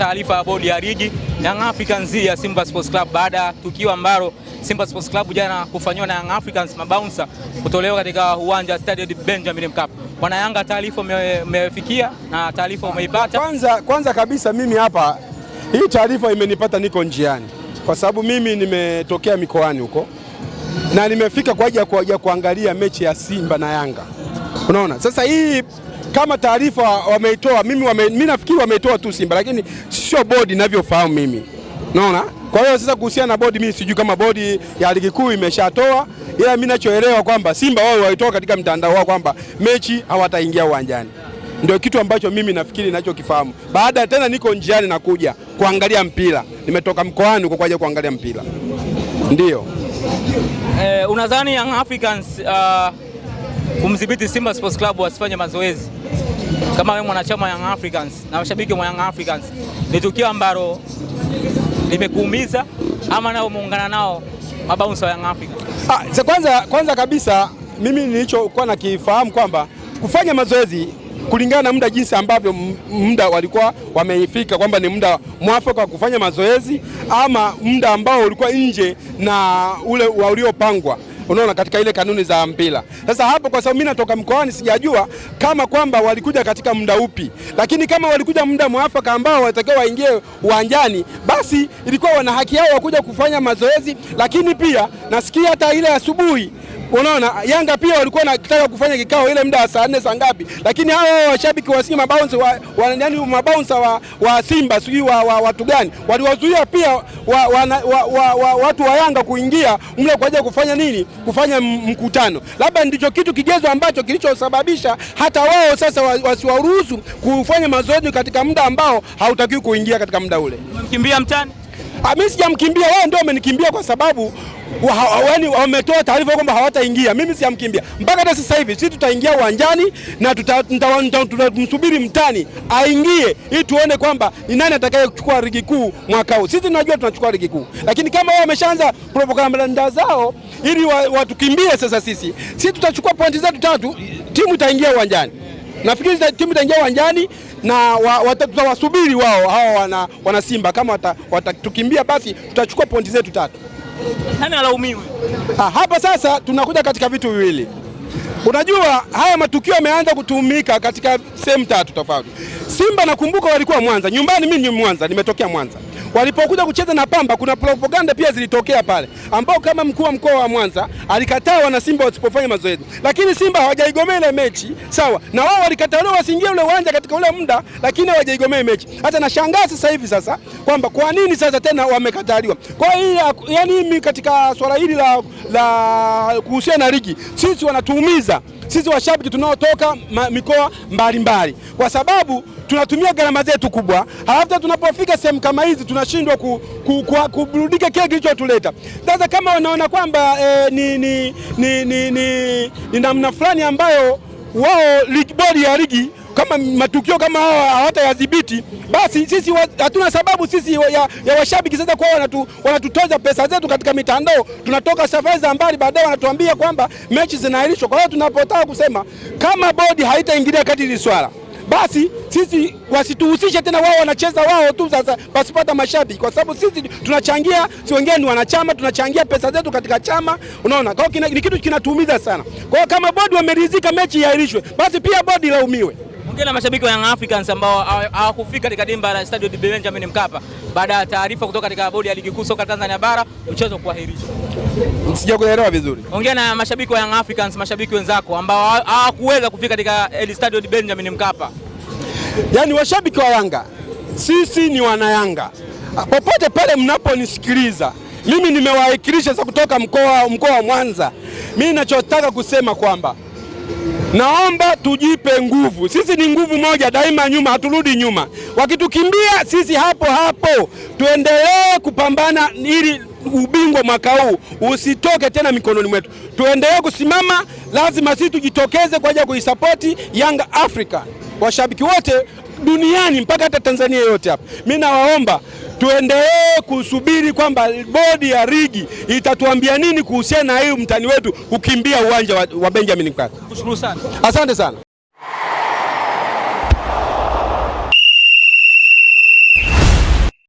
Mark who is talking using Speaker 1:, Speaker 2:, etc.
Speaker 1: taarifa ya bodi ya ligi Young Africans ya Simba Sports Club baada ya tukio ambalo Simba Sports Club jana kufanywa na Young Africans, mabouncer kutolewa katika uwanja Stadium Benjamin Mkapa. Bwana Yanga, taarifa umefikia na taarifa umeipata?
Speaker 2: Kwanza, kwanza kabisa mimi hapa hii taarifa imenipata niko njiani, kwa sababu mimi nimetokea mikoani huko na nimefika kwa ajili ya kuangalia mechi ya Simba na Yanga. Unaona sasa hii kama taarifa wameitoa, mimi wame, mimi nafikiri wameitoa tu Simba, lakini sio bodi ninavyofahamu mimi, naona. Kwa hiyo sasa, kuhusiana na bodi, mimi sijui kama bodi ya ligi kuu imeshatoa, ila mimi nachoelewa kwamba Simba wao walitoa katika mtandao wao kwamba mechi hawataingia uwanjani ndio kitu ambacho mimi nafikiri ninachokifahamu. Baada tena, niko njiani nakuja kuangalia mpira, nimetoka mkoani kwa kuja kuangalia mpira. ndio
Speaker 1: eh, unadhani Young Africans uh, kumdhibiti Simba Sports Club wasifanye mazoezi? kama wewe mwanachama wa Young Africans na mashabiki wa Young Africans, ni tukio ambalo limekuumiza ama nao umeungana nao mabaunsa wa Young Africans?
Speaker 2: Ah, kwanza, kwanza kabisa mimi nilichokuwa nakifahamu kwamba kufanya mazoezi kulingana na muda jinsi ambavyo muda walikuwa wameifika kwamba ni muda mwafaka wa kufanya mazoezi ama muda ambao ulikuwa nje na ule waliopangwa, unaona, katika ile kanuni za mpira. Sasa hapo, kwa sababu mimi natoka mkoani, sijajua kama kwamba walikuja katika muda upi, lakini kama walikuja muda mwafaka ambao watakiwa waingie uwanjani, basi ilikuwa wana haki yao wakuja kufanya mazoezi, lakini pia nasikia hata ile asubuhi Unaona, Yanga pia walikuwa wanataka kufanya kikao ile muda wa saa nne saa ngapi, lakini hao washabiki wa Simba mabaunsa wa, wa, yani mabaunsa wa, wa Simba sijui wa, wa, watu gani waliwazuia pia wa, wa, wa, wa, wa, watu wa Yanga kuingia mle kwa ajili kufanya nini? Kufanya mkutano, labda ndicho kitu kigezo ambacho kilichosababisha hata wao sasa wasiwaruhusu kufanya mazoezi katika muda ambao hautakiwi kuingia katika muda ule.
Speaker 1: Mkimbia mtani?
Speaker 2: Ah, mimi sijamkimbia, wao ndio wamenikimbia kwa sababu yaani wametoa taarifa kwamba hawataingia. Mimi siamkimbia mpaka hata sasa hivi, sisi tutaingia uwanjani na tutamsubiri mtani aingie, ili tuone kwamba ni nani atakayechukua ligi kuu mwaka huu. Sisi tunajua tunachukua ligi kuu, lakini kama wao wameshaanza propaganda zao ili watukimbie, wa sasa sisi sisi tutachukua pointi zetu tatu, timu itaingia uwanjani. Nafikiri timu itaingia uwanjani na tutawasubiri wa, wa, wao hawa wana, wana Simba kama watatukimbia, wata, basi tutachukua pointi zetu tatu nani alaumiwe? Ha, ah, hapa sasa tunakuja katika vitu viwili. Unajua haya matukio yameanza kutumika katika sehemu tatu tofauti. Simba nakumbuka walikuwa Mwanza nyumbani, mimi ni Mwanza, nimetokea Mwanza Walipokuja kucheza na Pamba, kuna propaganda pia zilitokea pale, ambao kama mkuu wa mkoa wa Mwanza alikataa wana Simba wasipofanya mazoezi, lakini Simba hawajaigomea ile mechi sawa, na wao walikataliwa wasiingie ule uwanja katika ule muda, lakini hawajaigomea mechi. Hata nashangaa sasa hivi sasa kwamba kwa nini sasa tena wamekataliwa. Kwa hiyo yani, mimi katika swala hili la, la kuhusiana na ligi, sisi wanatuumiza sisi washabiki tunaotoka mikoa mbalimbali, kwa sababu tunatumia gharama zetu kubwa, halafu tunapofika sehemu kama hizi tuna tunashindwa ku, ku, ku, kuburudika kile kilichotuleta. Sasa kama wanaona kwamba e, ni, ni, ni, ni, ni, ni namna fulani ambayo wao bodi ya ligi kama matukio kama hawa hawatayadhibiti, basi sisi hatuna sababu sisi ya, ya washabiki sasa kwa wanatu, wanatutoza pesa zetu katika mitandao, tunatoka safari za mbali, baadaye wanatuambia kwamba mechi zinaahirishwa. Kwa hiyo tunapotaka kusema kama bodi haitaingilia kati hili swala basi sisi wasituhusishe tena, wao wanacheza wao tu sasa, pasipata mashabiki, kwa sababu sisi tunachangia, si wengine ni wanachama, tunachangia pesa zetu katika chama, unaona. Kwa hiyo ni kitu kinatuumiza sana. Kwa hiyo kama bodi wameridhika mechi iahirishwe, basi pia bodi ilaumiwe.
Speaker 1: Ongea na mashabiki wa Young Africans ambao hawakufika katika dimba la Stadio Benjamin Mkapa baada ya taarifa kutoka katika bodi ya ligi kuu soka Tanzania bara mchezo kuahirishwa.
Speaker 2: Sijakuelewa vizuri.
Speaker 1: Ongea na mashabiki wa Young Africans, mashabiki wenzako ambao hawakuweza kufika katika Stadio Benjamin Mkapa.
Speaker 2: Yaani washabiki wa Yanga, sisi ni wana Yanga, popote pale mnaponisikiliza mimi za kutoka mkoa mkoa wa Mwanza. Mimi ninachotaka kusema kwamba Naomba tujipe nguvu, sisi ni nguvu moja daima, nyuma haturudi nyuma. Wakitukimbia sisi hapo hapo, tuendelee kupambana ili ubingwa mwaka huu usitoke tena mikononi mwetu, tuendelee kusimama. Lazima sisi tujitokeze kwa ajili ya kuisapoti Yanga Africa. Washabiki wote duniani mpaka hata Tanzania yote hapa. Mimi nawaomba tuendelee kusubiri kwamba bodi ya ligi itatuambia nini kuhusiana na hiyo mtani wetu kukimbia uwanja wa Benjamin Mkapa. Asante sana.